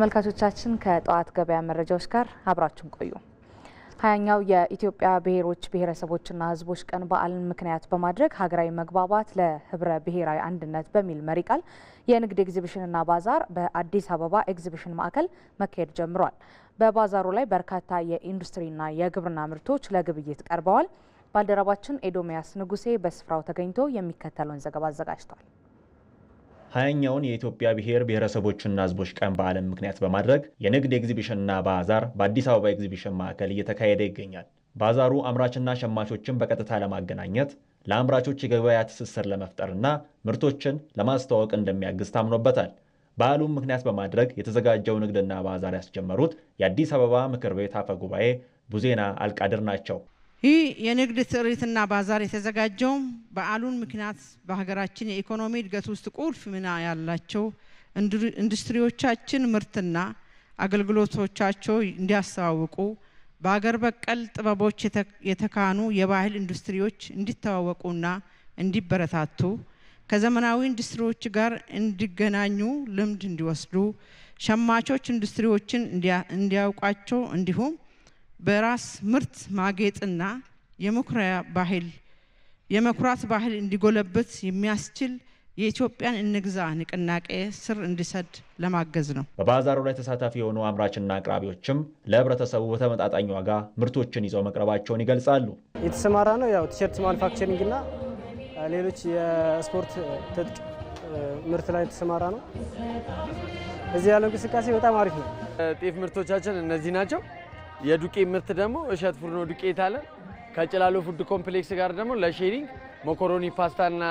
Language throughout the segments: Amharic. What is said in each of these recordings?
ተመልካቾቻችን ከጠዋት ገበያ መረጃዎች ጋር አብራችሁን ቆዩ። ሀያኛው የኢትዮጵያ ብሔሮች ብሔረሰቦችና ሕዝቦች ቀን በዓልን ምክንያት በማድረግ ሀገራዊ መግባባት ለህብረ ብሔራዊ አንድነት በሚል መሪ ቃል የንግድ ኤግዚቢሽንና ባዛር በአዲስ አበባ ኤግዚቢሽን ማዕከል መካሄድ ጀምሯል። በባዛሩ ላይ በርካታ የኢንዱስትሪና የግብርና ምርቶች ለግብይት ቀርበዋል። ባልደረባችን ኤዶሚያስ ንጉሴ በስፍራው ተገኝቶ የሚከተለውን ዘገባ አዘጋጅቷል። ሀያኛውን የኢትዮጵያ ብሔር ብሔረሰቦችና ህዝቦች ቀን በዓልን ምክንያት በማድረግ የንግድ ኤግዚቢሽንና ባዛር በአዲስ አበባ ኤግዚቢሽን ማዕከል እየተካሄደ ይገኛል። ባዛሩ አምራችና ሸማቾችን በቀጥታ ለማገናኘት ለአምራቾች የገበያ ትስስር ለመፍጠርና ምርቶችን ለማስተዋወቅ እንደሚያግዝ ታምኖበታል። በዓሉም ምክንያት በማድረግ የተዘጋጀው ንግድና ባዛር ያስጀመሩት የአዲስ አበባ ምክር ቤት አፈ ጉባኤ ቡዜና አልቃድር ናቸው። ይህ የንግድ ትርኢትና ባዛር የተዘጋጀውም በዓሉን ምክንያት በሀገራችን የኢኮኖሚ እድገት ውስጥ ቁልፍ ሚና ያላቸው ኢንዱስትሪዎቻችን ምርትና አገልግሎቶቻቸው እንዲያስተዋውቁ በሀገር በቀል ጥበቦች የተካኑ የባህል ኢንዱስትሪዎች እንዲተዋወቁና እንዲበረታቱ ከዘመናዊ ኢንዱስትሪዎች ጋር እንዲገናኙ ልምድ እንዲወስዱ ሸማቾች ኢንዱስትሪዎችን እንዲያውቋቸው እንዲሁም በራስ ምርት ማጌጥና የመኩሪያ ባህል የመኩራት ባህል እንዲጎለበት የሚያስችል የኢትዮጵያን እንግዛ ንቅናቄ ስር እንዲሰድ ለማገዝ ነው። በባዛሩ ላይ ተሳታፊ የሆኑ አምራችና አቅራቢዎችም ለህብረተሰቡ በተመጣጣኝ ዋጋ ምርቶችን ይዘው መቅረባቸውን ይገልጻሉ። የተሰማራ ነው ያው ቲሸርት ማኑፋክቸሪንግ እና ሌሎች የስፖርት ትጥቅ ምርት ላይ የተሰማራ ነው። እዚህ ያለው እንቅስቃሴ በጣም አሪፍ ነው። ጤፍ ምርቶቻችን እነዚህ ናቸው። የዱቄት ምርት ደግሞ እሸት ፉርኖ ዱቄት አለን። ከጭላሎ ፉድ ኮምፕሌክስ ጋር ደግሞ ለሼሪንግ መኮሮኒ ፓስታና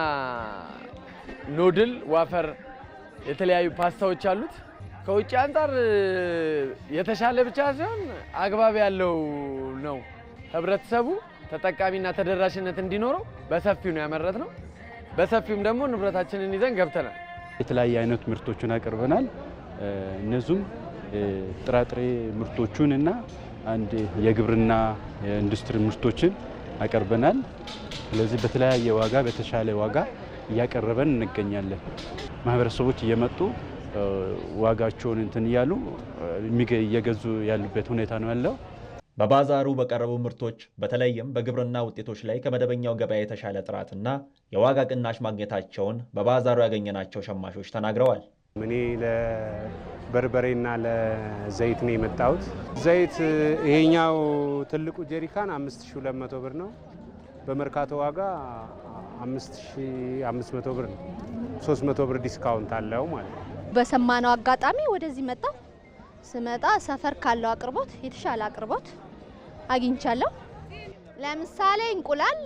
ኖድል ዋፈር የተለያዩ ፓስታዎች አሉት። ከውጭ አንጻር የተሻለ ብቻ ሳይሆን አግባብ ያለው ነው። ህብረተሰቡ ተጠቃሚና ተደራሽነት እንዲኖረው በሰፊው ነው ያመረት ነው። በሰፊውም ደግሞ ንብረታችንን ይዘን ገብተናል። የተለያየ አይነት ምርቶችን አቅርበናል። እነዚሁም ጥራጥሬ ምርቶቹን እና አንድ የግብርና ኢንዱስትሪ ምርቶችን አቀርበናል። ስለዚህ በተለያየ ዋጋ በተሻለ ዋጋ እያቀረበን እንገኛለን። ማህበረሰቦች እየመጡ ዋጋቸውን እንትን እያሉ እየገዙ ያሉበት ሁኔታ ነው ያለው። በባዛሩ በቀረቡ ምርቶች በተለይም በግብርና ውጤቶች ላይ ከመደበኛው ገበያ የተሻለ ጥራትና የዋጋ ቅናሽ ማግኘታቸውን በባዛሩ ያገኘናቸው ሸማቾች ተናግረዋል። እኔ ለበርበሬና ለዘይት ነው የመጣሁት። ዘይት ይሄኛው ትልቁ ጀሪካን 5200 ብር ነው። በመርካቶ ዋጋ 5500 ብር ነው። 300 ብር ዲስካውንት አለው ማለት ነው። በሰማነው አጋጣሚ ወደዚህ መጣ ስመጣ ሰፈር ካለው አቅርቦት የተሻለ አቅርቦት አግኝቻለሁ። ለምሳሌ እንቁላል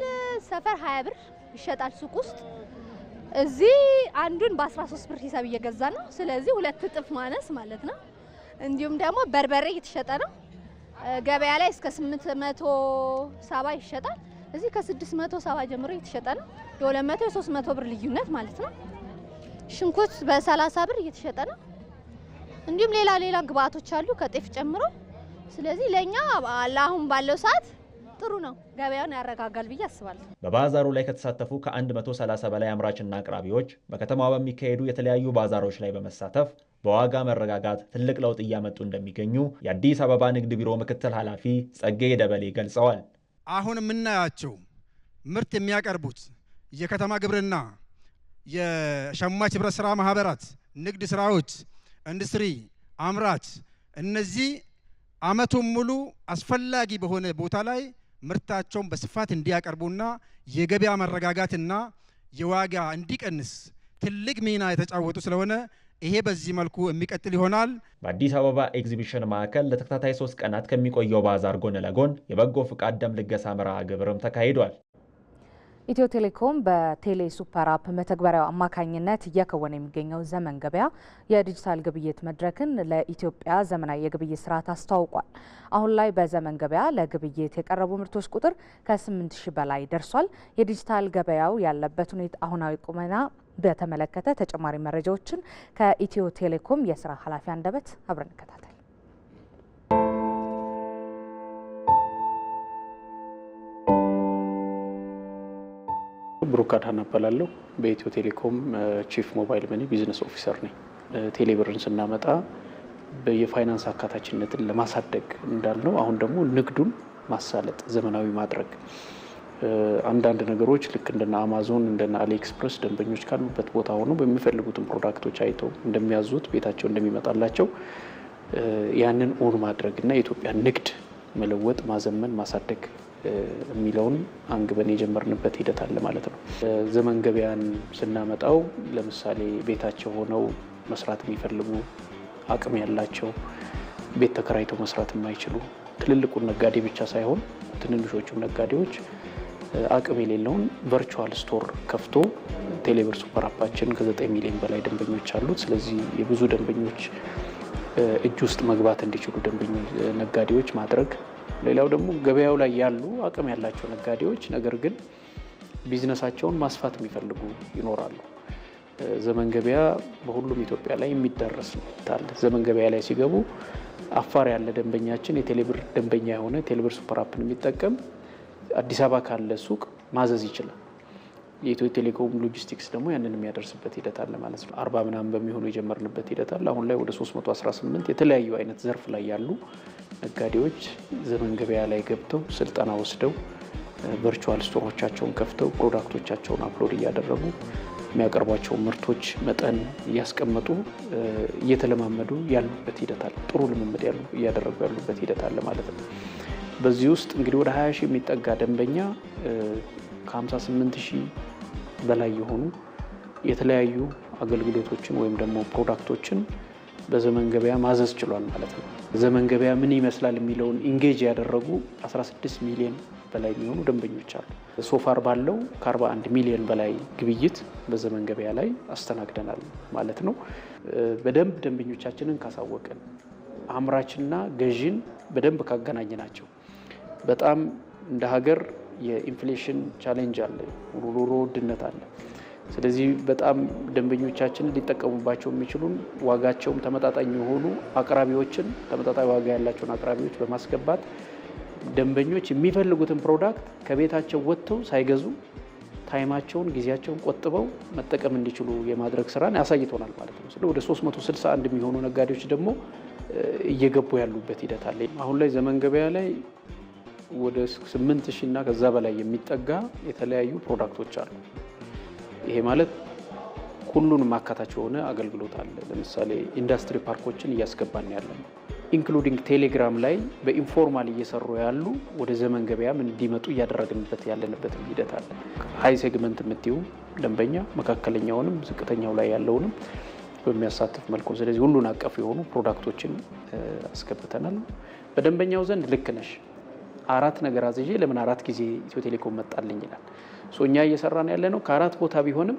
ሰፈር 20 ብር ይሸጣል ሱቅ ውስጥ እዚህ አንዱን በ13 ብር ሂሳብ እየገዛ ነው። ስለዚህ ሁለት እጥፍ ማነስ ማለት ነው። እንዲሁም ደግሞ በርበሬ እየተሸጠ ነው። ገበያ ላይ እስከ 870 ይሸጣል። እዚህ ከ670 ጀምሮ እየተሸጠ ነው። የ200 የ300 ብር ልዩነት ማለት ነው። ሽንኩርት በ30 ብር እየተሸጠ ነው። እንዲሁም ሌላ ሌላ ግብአቶች አሉ ከጤፍ ጨምሮ። ስለዚህ ለእኛ አሁን ባለው ሰዓት ጥሩ ነው፣ ገበያውን ያረጋጋል ብዬ አስባለሁ። በባዛሩ ላይ ከተሳተፉ ከ130 በላይ አምራችና አቅራቢዎች በከተማዋ በሚካሄዱ የተለያዩ ባዛሮች ላይ በመሳተፍ በዋጋ መረጋጋት ትልቅ ለውጥ እያመጡ እንደሚገኙ የአዲስ አበባ ንግድ ቢሮ ምክትል ኃላፊ ጸጌ ደበሌ ገልጸዋል። አሁን የምናያቸው ምርት የሚያቀርቡት የከተማ ግብርና፣ የሸማች ህብረት ስራ ማህበራት፣ ንግድ ስራዎች፣ ኢንዱስትሪ አምራች እነዚህ አመቱን ሙሉ አስፈላጊ በሆነ ቦታ ላይ ምርታቸውን በስፋት እንዲያቀርቡና የገበያ መረጋጋትና የዋጋ እንዲቀንስ ትልቅ ሚና የተጫወቱ ስለሆነ ይሄ በዚህ መልኩ የሚቀጥል ይሆናል። በአዲስ አበባ ኤግዚቢሽን ማዕከል ለተከታታይ ሶስት ቀናት ከሚቆየው ባዛር ጎን ለጎን የበጎ ፍቃድ ደም ልገሳ መርሃ ግብርም ተካሂዷል። ኢትዮ ቴሌኮም በቴሌ ሱፐር አፕ መተግበሪያው አማካኝነት እየከወነ የሚገኘው ዘመን ገበያ የዲጂታል ግብይት መድረክን ለኢትዮጵያ ዘመናዊ የግብይት ስርዓት አስተዋውቋል። አሁን ላይ በዘመን ገበያ ለግብይት የቀረቡ ምርቶች ቁጥር ከ8 ሺ በላይ ደርሷል። የዲጂታል ገበያው ያለበት ሁኔታ አሁናዊ ቁመና በተመለከተ ተጨማሪ መረጃዎችን ከኢትዮ ቴሌኮም የስራ ኃላፊ አንደበት አብረን እንከታተል። ብሩክ አድሃና እባላለሁ። በኢትዮ ቴሌኮም ቺፍ ሞባይል መኒ ቢዝነስ ኦፊሰር ነኝ። ቴሌብርን ስናመጣ የፋይናንስ አካታችነትን ለማሳደግ እንዳልነው አሁን ደግሞ ንግዱን ማሳለጥ፣ ዘመናዊ ማድረግ አንዳንድ ነገሮች ልክ እንደነ አማዞን እንደነ አሊኤክስፕረስ ደንበኞች ካሉበት ቦታ ሆነው በሚፈልጉትን ፕሮዳክቶች አይተው እንደሚያዙት ቤታቸው እንደሚመጣላቸው ያንን ኦን ማድረግ እና የኢትዮጵያ ንግድ መለወጥ፣ ማዘመን፣ ማሳደግ የሚለውን አንግበን የጀመርንበት ሂደት አለ ማለት ነው። ዘመን ገበያን ስናመጣው ለምሳሌ ቤታቸው ሆነው መስራት የሚፈልጉ አቅም ያላቸው ቤት ተከራይተው መስራት የማይችሉ ትልልቁን ነጋዴ ብቻ ሳይሆን ትንንሾቹ ነጋዴዎች አቅም የሌለውን ቨርቹዋል ስቶር ከፍቶ ቴሌብር ሱፐር አፓችን ከ9 ሚሊዮን በላይ ደንበኞች አሉት። ስለዚህ የብዙ ደንበኞች እጅ ውስጥ መግባት እንዲችሉ ደንበኞች ነጋዴዎች ማድረግ ሌላው ደግሞ ገበያው ላይ ያሉ አቅም ያላቸው ነጋዴዎች ነገር ግን ቢዝነሳቸውን ማስፋት የሚፈልጉ ይኖራሉ። ዘመን ገበያ በሁሉም ኢትዮጵያ ላይ የሚደረስ ታለ ዘመን ገበያ ላይ ሲገቡ አፋር ያለ ደንበኛችን የቴሌብር ደንበኛ የሆነ ቴሌብር ሱፐር አፕን የሚጠቀም አዲስ አበባ ካለ ሱቅ ማዘዝ ይችላል። የኢትዮ ቴሌኮም ሎጂስቲክስ ደግሞ ያንን የሚያደርስበት ሂደት አለ ማለት ነው። አርባ ምናምን በሚሆኑ የጀመርንበት ሂደት አለ። አሁን ላይ ወደ 318 የተለያዩ አይነት ዘርፍ ላይ ያሉ ነጋዴዎች ዘመን ገበያ ላይ ገብተው ስልጠና ወስደው ቨርቹዋል ስቶሮቻቸውን ከፍተው ፕሮዳክቶቻቸውን አፕሎድ እያደረጉ የሚያቀርቧቸው ምርቶች መጠን እያስቀመጡ እየተለማመዱ ያሉበት ሂደት አለ። ጥሩ ልምምድ እያደረጉ ያሉበት ሂደት አለ ማለት ነው። በዚህ ውስጥ እንግዲህ ወደ 20 ሺህ የሚጠጋ ደንበኛ ከ58 ሺህ በላይ የሆኑ የተለያዩ አገልግሎቶችን ወይም ደግሞ ፕሮዳክቶችን በዘመን ገበያ ማዘዝ ችሏል ማለት ነው። ዘመን ገበያ ምን ይመስላል የሚለውን ኢንጌጅ ያደረጉ 16 ሚሊዮን በላይ የሚሆኑ ደንበኞች አሉ። ሶፋር ባለው ከ41 ሚሊዮን በላይ ግብይት በዘመን ገበያ ላይ አስተናግደናል ማለት ነው። በደንብ ደንበኞቻችንን ካሳወቅን፣ አምራችና ገዥን በደንብ ካገናኘናቸው፣ በጣም እንደ ሀገር የኢንፍሌሽን ቻሌንጅ አለ፣ ኑሮ ውድነት አለ። ስለዚህ በጣም ደንበኞቻችን ሊጠቀሙባቸው የሚችሉን ዋጋቸውም ተመጣጣኝ የሆኑ አቅራቢዎችን ተመጣጣኝ ዋጋ ያላቸውን አቅራቢዎች በማስገባት ደንበኞች የሚፈልጉትን ፕሮዳክት ከቤታቸው ወጥተው ሳይገዙ ታይማቸውን ጊዜያቸውን ቆጥበው መጠቀም እንዲችሉ የማድረግ ስራን ያሳይቶናል ማለት ነው። ስለ ወደ 361 የሚሆኑ ነጋዴዎች ደግሞ እየገቡ ያሉበት ሂደት አለ። አሁን ላይ ዘመን ገበያ ላይ ወደ 8 ሺህ እና ከዛ በላይ የሚጠጋ የተለያዩ ፕሮዳክቶች አሉ። ይሄ ማለት ሁሉንም አካታች የሆነ አገልግሎት አለ። ለምሳሌ ኢንዱስትሪ ፓርኮችን እያስገባን ያለ ነው። ኢንክሉዲንግ ቴሌግራም ላይ በኢንፎርማል እየሰሩ ያሉ ወደ ዘመን ገበያም እንዲመጡ እያደረግንበት ያለንበትም ሂደት አለ። ሀይ ሴግመንት የምትዩ ደንበኛ መካከለኛውንም ዝቅተኛው ላይ ያለውንም በሚያሳትፍ መልኩ ስለዚህ ሁሉን አቀፍ የሆኑ ፕሮዳክቶችን አስገብተናል። በደንበኛው ዘንድ ልክ ነሽ አራት ነገር አዝዤ ለምን አራት ጊዜ ኢትዮ ቴሌኮም መጣልኝ ይላል። እኛ እየሰራን ያለ ነው ከአራት ቦታ ቢሆንም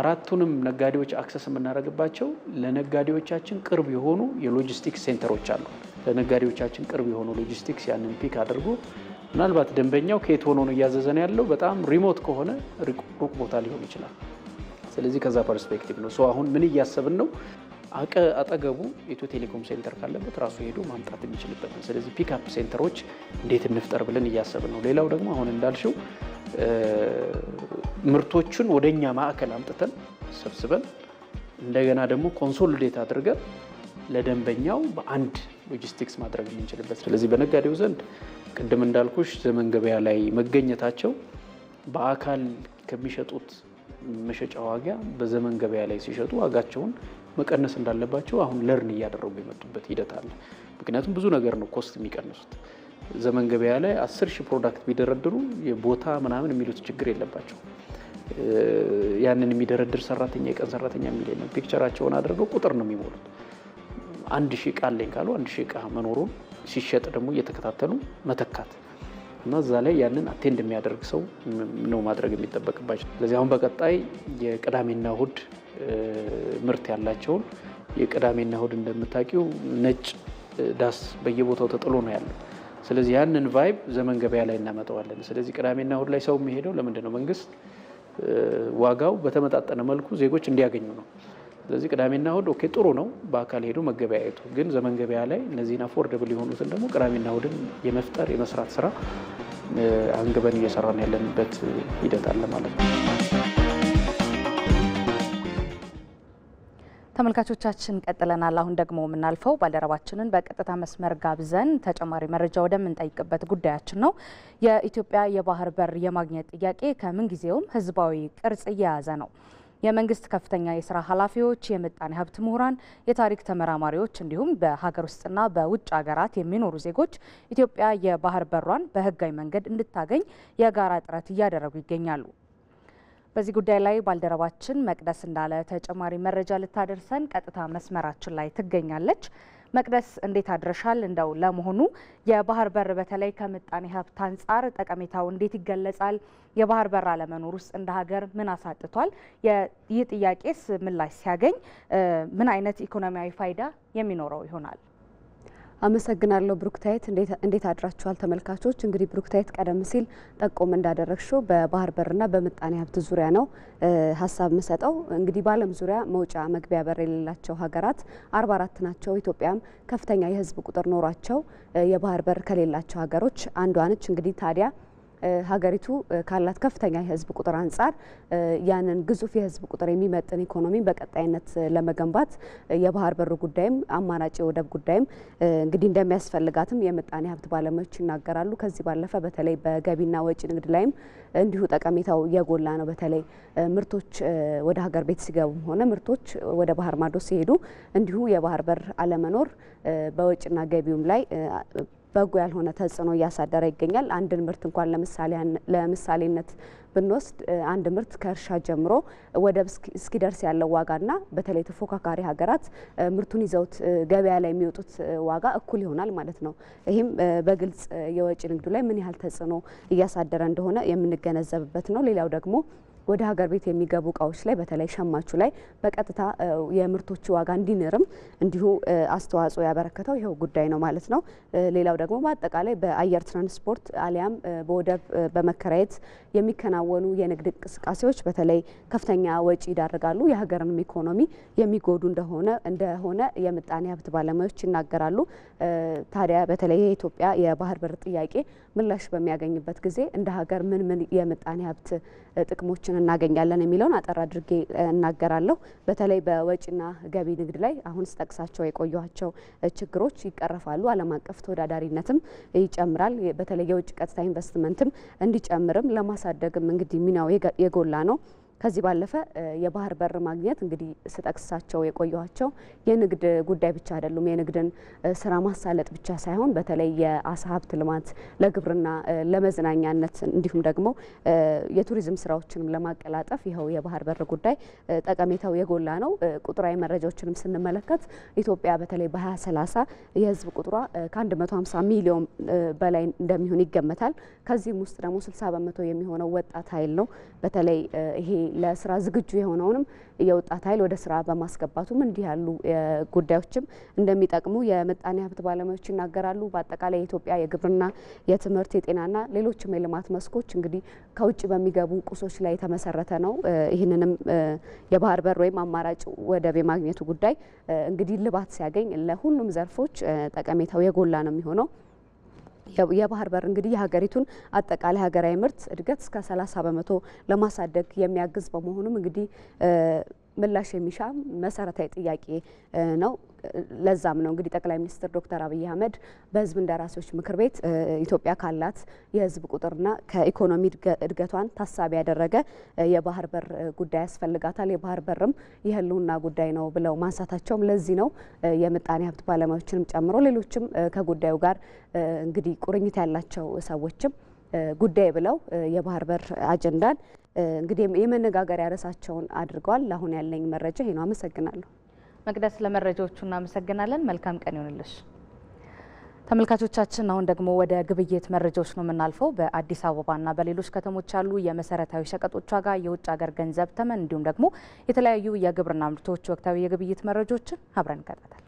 አራቱንም ነጋዴዎች አክሰስ የምናደርግባቸው ለነጋዴዎቻችን ቅርብ የሆኑ የሎጂስቲክስ ሴንተሮች አሉ። ለነጋዴዎቻችን ቅርብ የሆኑ ሎጂስቲክስ ያንን ፒክ አድርጎ ምናልባት ደንበኛው ከየት ሆኖ ነው እያዘዘን ያለው በጣም ሪሞት ከሆነ ሩቅ ቦታ ሊሆን ይችላል። ስለዚህ ከዛ ፐርስፔክቲቭ ነው ሰው አሁን ምን እያሰብን ነው አጠገቡ ኢትዮ ቴሌኮም ሴንተር ካለበት ራሱ ሄዶ ማምጣት የሚችልበት ነው። ስለዚህ ፒክአፕ ሴንተሮች እንዴት እንፍጠር ብለን እያሰብን ነው። ሌላው ደግሞ አሁን እንዳልሽው ምርቶቹን ወደ እኛ ማዕከል አምጥተን ሰብስበን እንደገና ደግሞ ኮንሶሊዴት አድርገን ለደንበኛው በአንድ ሎጂስቲክስ ማድረግ የምንችልበት። ስለዚህ በነጋዴው ዘንድ ቅድም እንዳልኩሽ ዘመን ገበያ ላይ መገኘታቸው በአካል ከሚሸጡት መሸጫ ዋጋ በዘመን ገበያ ላይ ሲሸጡ ዋጋቸውን መቀነስ እንዳለባቸው አሁን ለርን እያደረጉ የመጡበት ሂደት አለ። ምክንያቱም ብዙ ነገር ነው ኮስት የሚቀንሱት። ዘመን ገበያ ላይ አስር ሺህ ፕሮዳክት ቢደረድሩ የቦታ ምናምን የሚሉት ችግር የለባቸው። ያንን የሚደረድር ሰራተኛ የቀን ሰራተኛ የሚል ነው። ፒክቸራቸውን አድርገው ቁጥር ነው የሚሞሉት። አንድ ሺህ እቃ አለኝ ካሉ አንድ ሺህ እቃ መኖሩን ሲሸጥ ደግሞ እየተከታተሉ መተካት እና እዛ ላይ ያንን አቴንድ የሚያደርግ ሰው ነው ማድረግ የሚጠበቅባቸው። ስለዚህ አሁን በቀጣይ የቅዳሜና እሁድ ምርት ያላቸውን የቅዳሜና እሁድ እንደምታውቂው ነጭ ዳስ በየቦታው ተጥሎ ነው ያለው። ስለዚህ ያንን ቫይብ ዘመን ገበያ ላይ እናመጣዋለን። ስለዚህ ቅዳሜና እሁድ ላይ ሰው የሚሄደው ለምንድን ነው? መንግስት ዋጋው በተመጣጠነ መልኩ ዜጎች እንዲያገኙ ነው። ስለዚህ ቅዳሜና እሁድ ኦኬ ጥሩ ነው፣ በአካል ሄዱ መገበያየቱ። ግን ዘመን ገበያ ላይ እነዚህን አፎርደብል የሆኑትን ደግሞ ቅዳሜና እሁድን የመፍጠር የመስራት ስራ አንግበን እየሰራን ያለንበት ሂደት አለ ማለት ነው። ተመልካቾቻችን ቀጥለናል። አሁን ደግሞ የምናልፈው ባልደረባችንን በቀጥታ መስመር ጋብዘን ተጨማሪ መረጃ ወደምንጠይቅበት ጉዳያችን ነው። የኢትዮጵያ የባህር በር የማግኘት ጥያቄ ከምን ጊዜውም ህዝባዊ ቅርጽ እየያዘ ነው። የመንግስት ከፍተኛ የስራ ኃላፊዎች፣ የምጣኔ ሀብት ምሁራን፣ የታሪክ ተመራማሪዎች እንዲሁም በሀገር ውስጥና በውጭ ሀገራት የሚኖሩ ዜጎች ኢትዮጵያ የባህር በሯን በህጋዊ መንገድ እንድታገኝ የጋራ ጥረት እያደረጉ ይገኛሉ። በዚህ ጉዳይ ላይ ባልደረባችን መቅደስ እንዳለ ተጨማሪ መረጃ ልታደርሰን ቀጥታ መስመራችን ላይ ትገኛለች። መቅደስ እንዴት አድረሻል? እንደው ለመሆኑ የባህር በር በተለይ ከምጣኔ ሀብት አንጻር ጠቀሜታው እንዴት ይገለጻል? የባህር በር አለመኖር ውስጥ እንደ ሀገር ምን አሳጥቷል? ይህ ጥያቄስ ምላሽ ሲያገኝ ምን አይነት ኢኮኖሚያዊ ፋይዳ የሚኖረው ይሆናል? አመሰግናለሁ ብሩክታይት። እንዴት አድራችኋል ተመልካቾች? እንግዲህ ብሩክታይት ቀደም ሲል ጠቆም እንዳደረግሽው በባህር በርና በምጣኔ ሀብት ዙሪያ ነው ሀሳብ የምሰጠው። እንግዲህ በዓለም ዙሪያ መውጫ መግቢያ በር የሌላቸው ሀገራት አርባ አራት ናቸው። ኢትዮጵያም ከፍተኛ የህዝብ ቁጥር ኖሯቸው የባህር በር ከሌላቸው ሀገሮች አንዷ ነች። እንግዲህ ታዲያ ሀገሪቱ ካላት ከፍተኛ የህዝብ ቁጥር አንጻር ያንን ግዙፍ የህዝብ ቁጥር የሚመጥን ኢኮኖሚ በቀጣይነት ለመገንባት የባህር በር ጉዳይም አማራጭ የወደብ ጉዳይም እንግዲህ እንደሚያስፈልጋትም የምጣኔ ሀብት ባለሙያዎች ይናገራሉ። ከዚህ ባለፈ በተለይ በገቢና ወጪ ንግድ ላይም እንዲሁ ጠቀሜታው የጎላ ነው። በተለይ ምርቶች ወደ ሀገር ቤት ሲገቡም ሆነ ምርቶች ወደ ባህር ማዶ ሲሄዱ እንዲሁ የባህር በር አለመኖር በወጪና ገቢውም ላይ በጎ ያልሆነ ተጽዕኖ እያሳደረ ይገኛል። አንድን ምርት እንኳን ለምሳሌነት ብንወስድ አንድ ምርት ከእርሻ ጀምሮ ወደብ እስኪደርስ ያለው ዋጋና በተለይ ተፎካካሪ ሀገራት ምርቱን ይዘውት ገበያ ላይ የሚወጡት ዋጋ እኩል ይሆናል ማለት ነው። ይህም በግልጽ የወጪ ንግዱ ላይ ምን ያህል ተጽዕኖ እያሳደረ እንደሆነ የምንገነዘብበት ነው። ሌላው ደግሞ ወደ ሀገር ቤት የሚገቡ እቃዎች ላይ በተለይ ሸማቹ ላይ በቀጥታ የምርቶቹ ዋጋ እንዲንርም እንዲሁ አስተዋጽኦ ያበረከተው ይኸው ጉዳይ ነው ማለት ነው። ሌላው ደግሞ በአጠቃላይ በአየር ትራንስፖርት አሊያም በወደብ በመከራየት የሚከናወኑ የንግድ እንቅስቃሴዎች በተለይ ከፍተኛ ወጪ ይዳርጋሉ፣ የሀገርንም ኢኮኖሚ የሚጎዱ እንደሆነ እንደሆነ የምጣኔ ሀብት ባለሙያዎች ይናገራሉ። ታዲያ በተለይ የኢትዮጵያ የባህር በር ጥያቄ ምላሽ በሚያገኝበት ጊዜ እንደ ሀገር ምን ምን የምጣኔ ሀብት ጥቅሞችን እናገኛለን የሚለውን አጠር አድርጌ እናገራለሁ። በተለይ በወጪና ገቢ ንግድ ላይ አሁን ስጠቅሳቸው የቆየኋቸው ችግሮች ይቀረፋሉ። ዓለም አቀፍ ተወዳዳሪነትም ይጨምራል። በተለይ የውጭ ቀጥታ ኢንቨስትመንትም እንዲጨምርም ለማሳደግም እንግዲህ ሚናው የጎላ ነው። ከዚህ ባለፈ የባህር በር ማግኘት እንግዲህ ስጠቅሳቸው የቆየኋቸው የንግድ ጉዳይ ብቻ አይደሉም። የንግድን ስራ ማሳለጥ ብቻ ሳይሆን በተለይ የአሳ ሀብት ልማት ለግብርና፣ ለመዝናኛነት እንዲሁም ደግሞ የቱሪዝም ስራዎችንም ለማቀላጠፍ ይኸው የባህር በር ጉዳይ ጠቀሜታው የጎላ ነው። ቁጥራዊ መረጃዎችንም ስንመለከት ኢትዮጵያ በተለይ በ2030 የህዝብ ቁጥሯ ከ150 ሚሊዮን በላይ እንደሚሆን ይገመታል። ከዚህም ውስጥ ደግሞ 60 በመቶ የሚሆነው ወጣት ኃይል ነው። በተለይ ይሄ ለስራ ዝግጁ የሆነውንም የወጣት ኃይል ወደ ስራ በማስገባቱም እንዲህ ያሉ ጉዳዮችም እንደሚጠቅሙ የምጣኔ ሀብት ባለሙያዎች ይናገራሉ። በአጠቃላይ የኢትዮጵያ የግብርና፣ የትምህርት፣ የጤናና ሌሎችም የልማት መስኮች እንግዲህ ከውጭ በሚገቡ ቁሶች ላይ የተመሰረተ ነው። ይህንንም የባህር በር ወይም አማራጭ ወደብ የማግኘቱ ጉዳይ እንግዲህ ልባት ሲያገኝ ለሁሉም ዘርፎች ጠቀሜታው የጎላ ነው የሚሆነው። የባህር በር እንግዲህ የሀገሪቱን አጠቃላይ ሀገራዊ ምርት እድገት እስከ ሰላሳ በመቶ ለማሳደግ የሚያግዝ በመሆኑም እንግዲህ ምላሽ የሚሻ መሰረታዊ ጥያቄ ነው። ለዛም ነው እንግዲህ ጠቅላይ ሚኒስትር ዶክተር አብይ አህመድ በህዝብ እንደራሴዎች ምክር ቤት ኢትዮጵያ ካላት የህዝብ ቁጥርና ከኢኮኖሚ እድገቷን ታሳቢ ያደረገ የባህር በር ጉዳይ ያስፈልጋታል፣ የባህር በርም የህልውና ጉዳይ ነው ብለው ማንሳታቸውም ለዚህ ነው። የምጣኔ ሀብት ባለሙያዎችንም ጨምሮ ሌሎችም ከጉዳዩ ጋር እንግዲህ ቁርኝት ያላቸው ሰዎችም ጉዳይ ብለው የባህር በር አጀንዳን እንግዲህ የመነጋገሪያ ርዕሳቸውን አድርገዋል። ለአሁን ያለኝ መረጃ ይሄ ነው። አመሰግናለሁ መቅደስ፣ ለመረጃዎቹ እናመሰግናለን። መልካም ቀን ይሁንልሽ። ተመልካቾቻችን አሁን ደግሞ ወደ ግብይት መረጃዎች ነው የምናልፈው። በአዲስ አበባና በሌሎች ከተሞች ያሉ የመሰረታዊ ሸቀጦች ዋጋ፣ የውጭ ሀገር ገንዘብ ተመን እንዲሁም ደግሞ የተለያዩ የግብርና ምርቶች ወቅታዊ የግብይት መረጃዎችን አብረን እንቀጥላለን።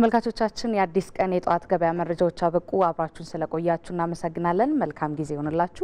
ተመልካቾቻችን የአዲስ ቀን የጠዋት ገበያ መረጃዎች አበቁ። አብራችሁን ስለቆያችሁ እናመሰግናለን። መልካም ጊዜ ይሆንላችሁ።